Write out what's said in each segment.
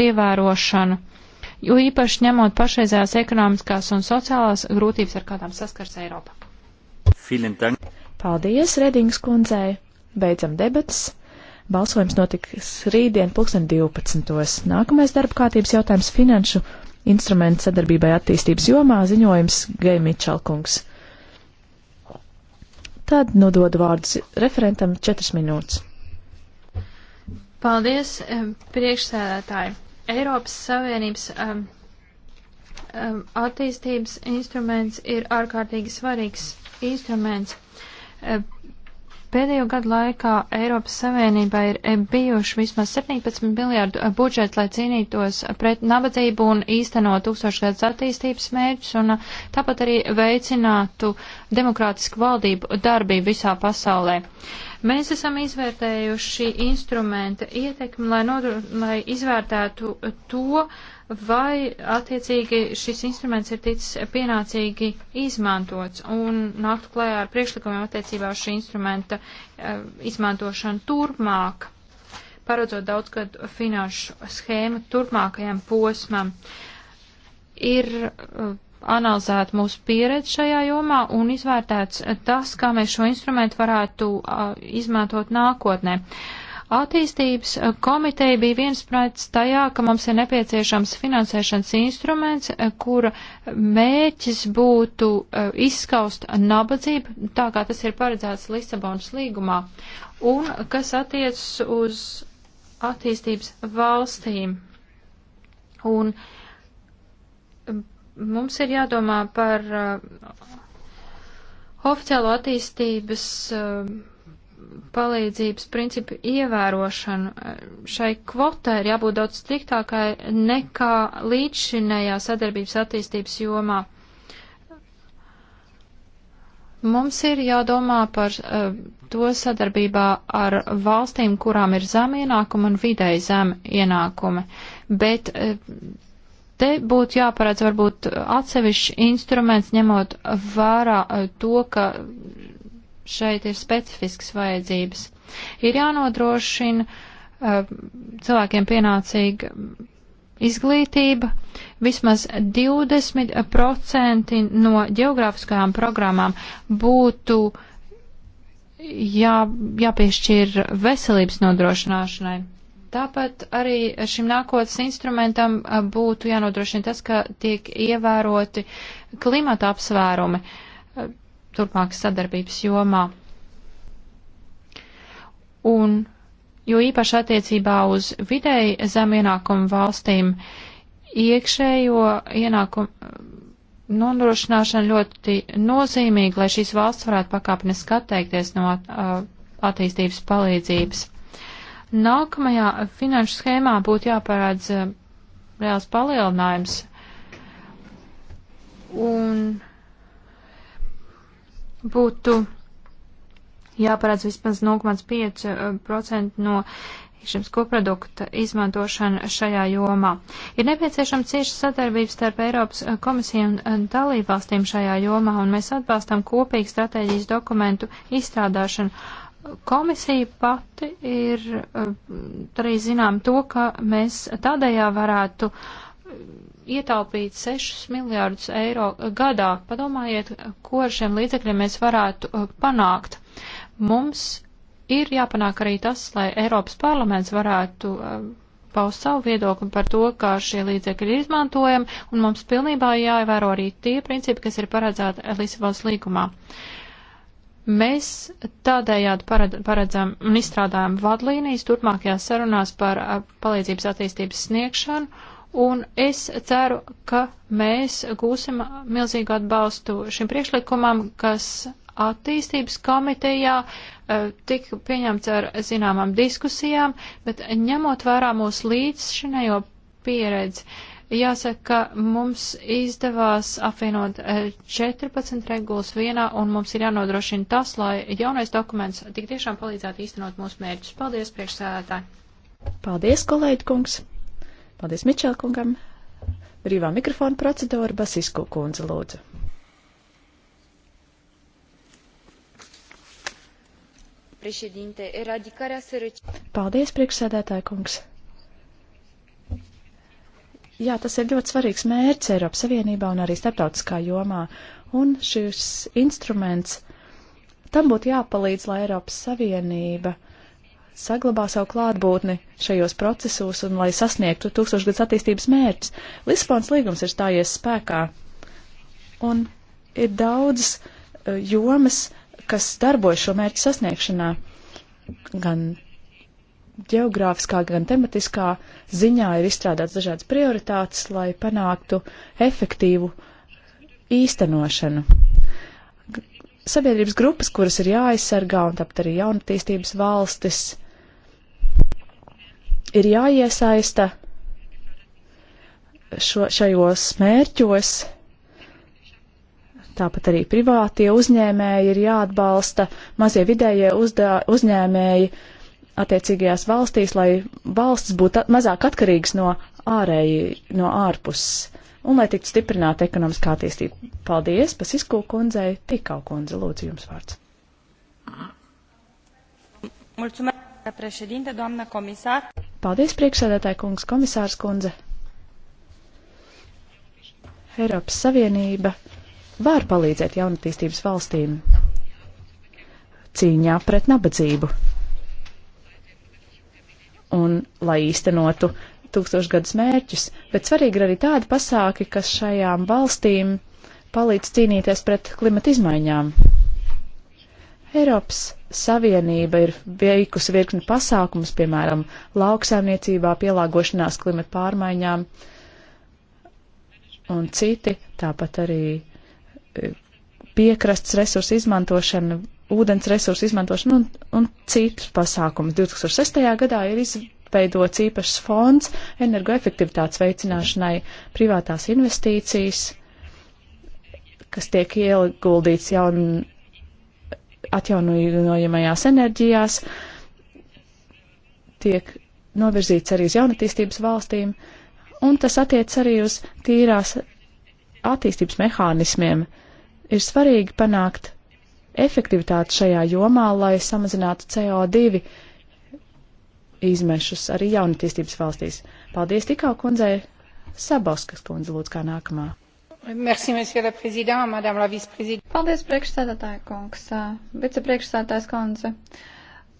standartu ievērošanu, jo īpaši ņemot pašreizējās ekonomiskās un sociālās grūtības, ar kādām saskars Eiropa. Paldies, Redings kundzei! Beidzam debatas. Balsojums notiks rītdien, 2012. Nākamais darba kārtības jautājums - finanšu instrumentu sadarbībai attīstības jomā - ziņojums Geja Mičelkungs. Tad nododu vārdus referentam 4 minūtes. Paldies, eh, priekšsēdētāji! Eiropas Savienības um, um, attīstības instruments ir ārkārtīgi svarīgs instruments. Um, Pēdējo gadu laikā Eiropas Savienībā ir um, bijuši vismaz 17 miljārdu uh, budžeti, lai cīnītos pret nabadzību un īstenot tūkstošgadus attīstības mērķus, un uh, tāpat arī veicinātu demokrātisku valdību darbību visā pasaulē. Uh, Mēs esam izvērtējuši šī instrumenta ietekmi, lai, nodur, lai izvērtētu to, vai attiecīgi šis instruments ir ticis pienācīgi izmantots un nākt klējā ar priekšlikumiem attiecībā uz šī instrumenta eh, izmantošanu turpmāk paredzot daudzgadu finanšu schēmu turpmākajam posmam, ir eh, analizētu mūsu pieredzi šajā jomā un izvērtēts tas, kā mēs šo instrumentu varētu izmantot nākotnē. Attīstības komiteja bija viensprāts tajā, ka mums ir nepieciešams finansēšanas instruments, kura mēķis būtu izskaust nabadzību, tā kā tas ir paredzēts Lisabonas līgumā, un kas attiecas uz attīstības valstīm. Un mums ir jādomā par uh, oficiālo attīstības uh, palīdzības principu ievērošanu. Uh, šai kvotai ir jābūt daudz striktākai nekā līdzšinējā sadarbības attīstības jomā. Mums ir jādomā par uh, to sadarbībā ar valstīm, kurām ir zem ienākuma un vidēji zem ienākuma, bet uh, Te būtu jāparāds varbūt atsevišķi instruments, ņemot vērā e, to, ka šeit ir specifisks vajadzības. Ir jānodrošina uh, cilvēkiem pienācīga izglītība, vismaz 20% no geogrāfiskajām programmām būtu jā, jāpiešķir veselības nodrošināšanai. Tāpat arī šim nākotnes instrumentam būtu jānodrošina tas, ka tiek ievēroti klimata apsvērumi turpmākas sadarbības jomā. Un, jo īpaši attiecībā uz vidēji zem ienākumu valstīm iekšējo ienākumu nodrošināšana ļoti nozīmīga, lai šīs valsts varētu pakāpeniski atteikties no uh, attīstības palīdzības. Nākamajā finanšu schēmā būtu jāparādz eh, reāls palielinājums. Un būtu jāparādz vismaz 0,5% eh, no iekšzemes koprodukta izmantošana šajā jomā. Ir nepieciešama cieša sadarbība starp Eiropas eh, komisiju un dalībvalstīm šajā jomā, un mēs atbalstam kopīgu stratēģijas dokumentu izstrādāšanu Komisija pati ir eh, arī zinām to, ka mēs tādējā varētu eh, ietaupīt 6 miljārdus eiro gadā. Padomājiet, ko ar šiem līdzekļiem mēs varētu eh, panākt. Mums ir jāpanāk arī tas, lai Eiropas parlaments varētu paust savu viedokli par to, kā šie līdzekļi ir izmantojami, un mums pilnībā jāievēro arī tie principi, kas ir paredzēti Lisabons līgumā. Uh, Mēs tādējādi paredzam un izstrādājam vadlīnijas turpmākajās sarunās par palīdzības attīstības sniegšanu, un es ceru, ka mēs gūsim milzīgu atbalstu šim priekšlikumam, kas attīstības komitejā tika pieņemts ar zināmām diskusijām, bet ņemot vērā mūsu līdzšinējo pieredzi, Jāsaka, ka mums izdevās apvienot 14 e, regulas vienā, un mums ir jānodrošina tas, lai jaunais dokuments tik tiešām palīdzētu īstenot mūsu mērķus. Paldies, priekšsēdētāji! Paldies, kolēģi kungs! Paldies Mičēl kungam! Brīvā mikrofona procedūra Basisku kundze lūdzu. Paldies, priekšsēdētāji kungs! Jā, tas ir ļoti svarīgs mērķis Eiropas Savienībā un arī starptautiskā jomā. Un šis instruments tam būtu jāpalīdz, lai Eiropas Savienība saglabā savu klātbūtni šajos procesos un lai sasniegtu tūkstošgads attīstības mērķus. Lisbons līgums ir stājies spēkā un ir daudzas eh, jomas, kas darbojas šo mērķu sasniegšanā. Gan geogrāfiskā, gan tematiskā ziņā ir izstrādāts dažādas prioritātes, lai panāktu efektīvu īstenošanu. Sabiedrības grupas, kuras ir jāaizsargā, un tāpat arī jaunatīstības valstis, ir jāiesaista šo, šajos mērķos. Tāpat arī privātie uzņēmēji ir jāatbalsta, mazie vidējie uzdā, uzņēmēji attiecīgajās valstīs, lai valsts būtu mazāk atkarīgas no ārēji, no ārpuses un lai tiktu stiprināta ekonomiskā attīstība. Paldies, Pasisku kundzei, tikau kundze, lūdzu jums vārds. Paldies, priekšsēdētāji kungs, komisārs kundze. Eiropas Savienība var palīdzēt jaunatīstības valstīm cīņā pret nabadzību un lai īstenotu tūkstošgadus mērķus, bet svarīgi ir arī tādi pasāki, kas šajām valstīm palīdz cīnīties pret klimata izmaiņām. Eiropas Savienība ir veikusi virkni pasākumus, piemēram, lauksēmniecībā, pielāgošanās klimata pārmaiņām un citi, tāpat arī eh, piekrasts resursu izmantošana ūdens resursu izmantošanu un, un citus pasākumus. 2006. gadā ir izveidots īpašs fonds energoefektivitātes veicināšanai privātās investīcijas, kas tiek ieguldīts jaun, atjaunojamajās enerģijās, tiek novirzīts arī uz jaunatīstības valstīm, un tas attiec arī uz tīrās attīstības mehānismiem. Ir svarīgi panākt efektivitāti šajā jomā, lai samazinātu CO2 izmešus arī jaunatīstības valstīs. Paldies tikā kundzei Sabauskas kundze lūdzu kā nākamā. Merci, monsieur le président, madame la vice-présidente. Paldies, priekšsēdētāja kungs, vicepriekšsēdētājs kundze.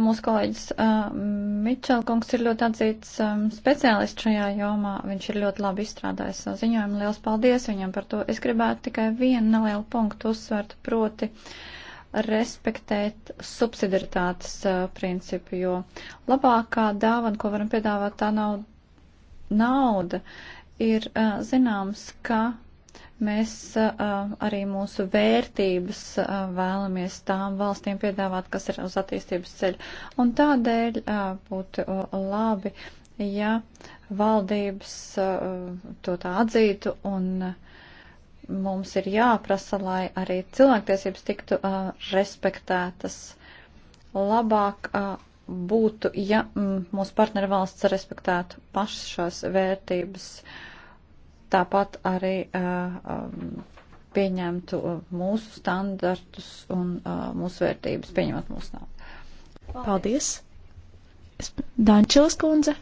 Mūsu kolēģis uh, Mičela kungs ir ļoti atzīts um, speciālists šajā jomā. Viņš ir ļoti labi izstrādājis savu ziņojumu. Liels paldies viņam par to. Es gribētu tikai vienu nelielu punktu uzsvert, proti. Uh, respektēt subsidiaritātes uh, principu, jo labākā dāvana, ko varam piedāvāt, tā nav nauda. Ir uh, zināms, ka mēs uh, arī mūsu vērtības uh, vēlamies tām valstīm piedāvāt, kas ir uz attīstības ceļa. Un tādēļ uh, būtu uh, labi, ja valdības uh, to tā atzītu un uh, mums ir jāprasa, lai arī cilvēktiesības tiktu uh, respektētas labāk. Uh, būtu, ja mm, mūsu partneru valsts respektētu pašas šās vērtības, tāpat arī uh, um, pieņemtu mūsu standartus un uh, mūsu vērtības, pieņemot mūsu naudu. Paldies! Paldies. Dančils kundze,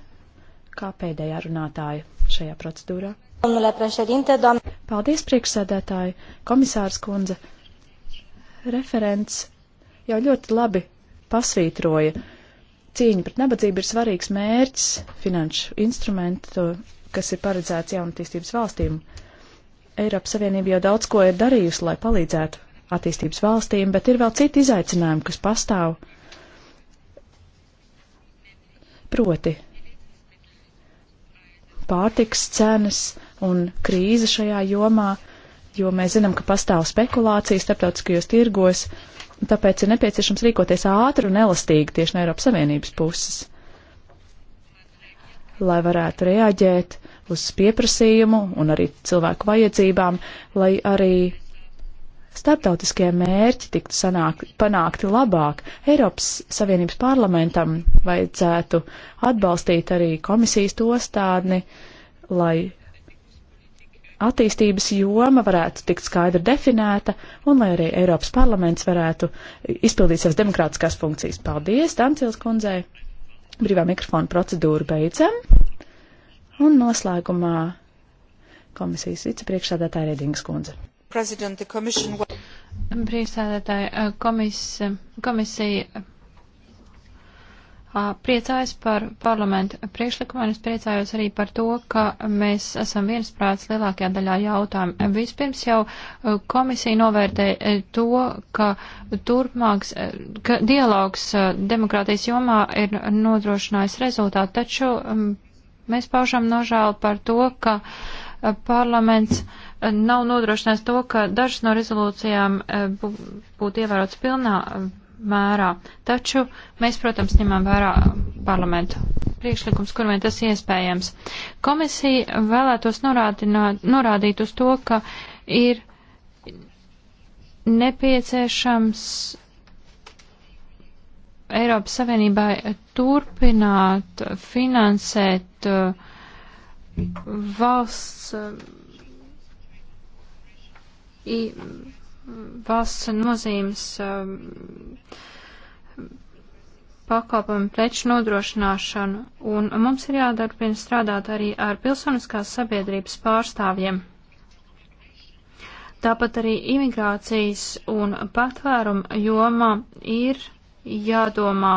kā pēdējā runātāja šajā procedūrā. Domnule președinte, doamne Paldies, priekšsēdētāji, komisārs kundze. Referents jau ļoti labi pasvītroja. Cīņa pret nabadzību ir svarīgs mērķis finanšu instrumentu, kas ir paredzēts jaunatīstības valstīm. Eiropas Savienība jau daudz ko ir darījusi, lai palīdzētu attīstības valstīm, bet ir vēl citi izaicinājumi, kas pastāv. Proti, pārtiks cenas, un krīze šajā jomā, jo mēs zinām, ka pastāv spekulācijas starptautiskajos tirgos, un tāpēc ir nepieciešams rīkoties ātri un elastīgi tieši no Eiropas Savienības puses, lai varētu reaģēt uz pieprasījumu un arī cilvēku vajadzībām, lai arī starptautiskie mērķi tiktu sanāk, panākti labāk, Eiropas Savienības parlamentam vajadzētu atbalstīt arī komisijas tostādni, lai attīstības joma varētu tikt skaidri definēta un lai arī Eiropas parlaments varētu izpildīt savas demokrātiskās funkcijas. Paldies, Tancils kundzei! Brīvā mikrofona procedūru beidzam. Un noslēgumā komisijas vicepriekšsādātāja Redingas kundze. Commission... Priekšsādātāja eh, komis, komisija Priecājos par parlamentu priekšlikumu, un es priecājos arī par to, ka mēs esam viensprāts lielākajā daļā jautājumu. Vispirms jau komisija novērtēja to, ka turpmāks, ka dialogs demokrātijas jomā ir nodrošinājis rezultātu, taču mēs paužam nožēlu par to, ka parlaments nav nodrošinājis to, ka dažas no rezolūcijām būtu ievērotas pilnā mērā. Taču mēs, protams, ņemam vērā parlamentu priekšlikums, kur vien tas iespējams. Komisija vēlētos norādināt, norādīt uz to, ka ir nepieciešams Eiropas Savienībai turpināt finansēt uh, valsts uh, valsts nozīmes um, pakalpojumu preču nodrošināšanu, un mums ir jādarpina strādāt arī ar pilsoniskās sabiedrības pārstāvjiem. Tāpat arī imigrācijas un patvērumu jomā ir jādomā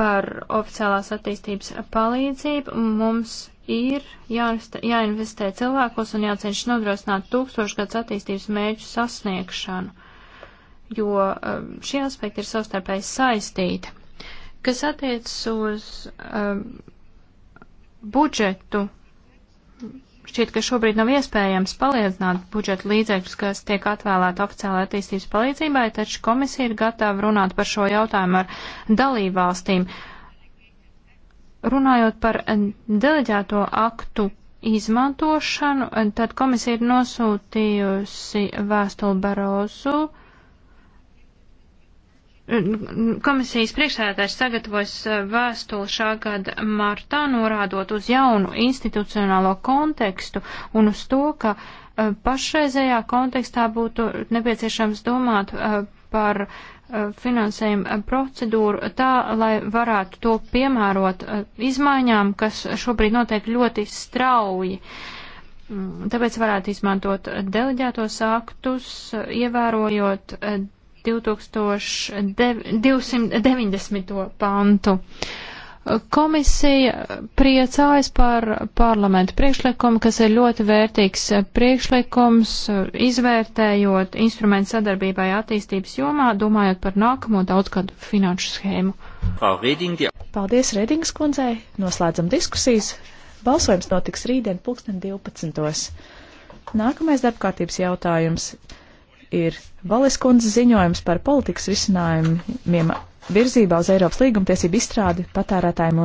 par oficiālās attīstības palīdzību. Mums ir jāinvestē cilvēkos un jāceņš nodrošināt tūkstošgads attīstības mēģu sasniegšanu, jo um, šie aspekti ir savstarpēji saistīti. Kas attiecas uz um, budžetu, šķiet, ka šobrīd nav iespējams palielināt budžeta līdzekļus, kas tiek atvēlēti oficiālai attīstības palīdzībai, taču komisija ir gatava runāt par šo jautājumu ar dalībvalstīm. valstīm runājot par deleģēto aktu izmantošanu, tad komisija ir nosūtījusi vēstuli Barozu. Komisijas priekšsēdētājs sagatavojas vēstuli šā gada martā, norādot uz jaunu institucionālo kontekstu un uz to, ka eh, pašreizējā kontekstā būtu nepieciešams domāt eh, par uh, Eh, finansējuma procedūru tā, lai varētu to piemērot eh, izmaiņām, kas šobrīd notiek ļoti strauji. Mm, tāpēc varētu izmantot deleģētos aktus, eh, ievērojot 2290. pantu. Uh, Komisija priecājas par parlamentu priekšlikumu, kas ir ļoti vērtīgs priekšlikums, izvērtējot instrumentu sadarbībai attīstības jomā, domājot par nākamo daudzgadu finanšu schēmu. Paldies, Redings kundzei! Noslēdzam diskusijas. Balsojums notiks rītdien, pulksten 12. Nākamais darbkārtības jautājums ir Valiskundzes ziņojums par politikas risinājumiem virzībā uz Eiropas līgumtiesību izstrādi patērētājiem un